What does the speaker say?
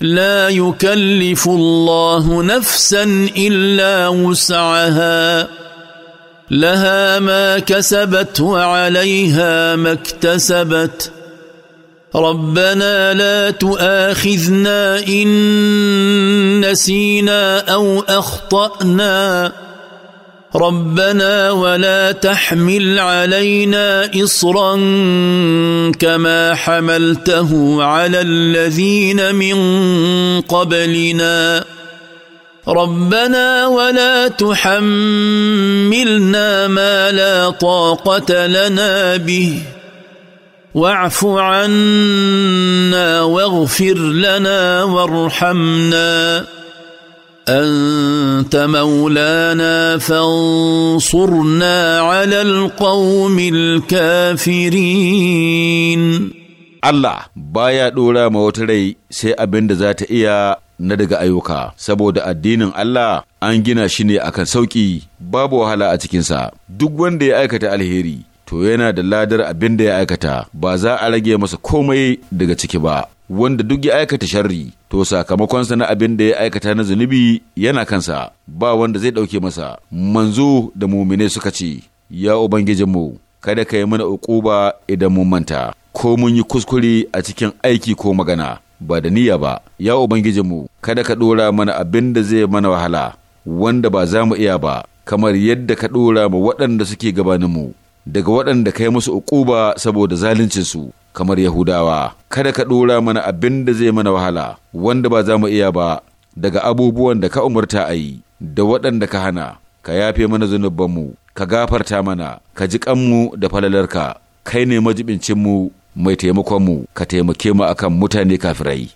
لا يكلف الله نفسا الا وسعها لها ما كسبت وعليها ما اكتسبت ربنا لا تؤاخذنا ان نسينا او اخطانا ربنا ولا تحمل علينا اصرا كما حملته على الذين من قبلنا ربنا ولا تحملنا ما لا طاقه لنا به واعف عنا واغفر لنا وارحمنا انت maulana fansurna على القوم الكافرين Allah baya ɗora ma wata rai sai abin da za ta iya na daga ayyuka, saboda addinin Allah an gina shi ne akan sauƙi babu wahala a cikinsa, duk wanda ya aikata alheri to yana da ladar abin da ya aikata ba za a rage masa komai daga ciki ba. wanda duk ya aikata sharri to sakamakonsa na abin da ya aikata na zunubi yana kansa ba wanda zai ɗauke masa manzo da mumine suka ce ya ubangijinmu kada ka yi mana uquba idan mun manta ko mun yi kuskure a cikin aiki ko magana ba da niyya ba ya ubangijinmu kada ka ɗora mana abin da zai mana wahala wanda ba za mu iya ba kamar yadda ka ɗora ma waɗanda suke gabaninmu daga waɗanda ka yi musu uquba saboda zaluncinsu kamar Yahudawa, kada ka ɗora mana abin da zai mana wahala, wanda ba za mu iya ba daga abubuwan da ka umarta a yi, da waɗanda ka hana, ka yafe mana zunubanmu, ka gafarta mana, ka ji kanmu da falalarka, kai ne majibincinmu mai taimakonmu, ka taimake mu akan mutane kafirai.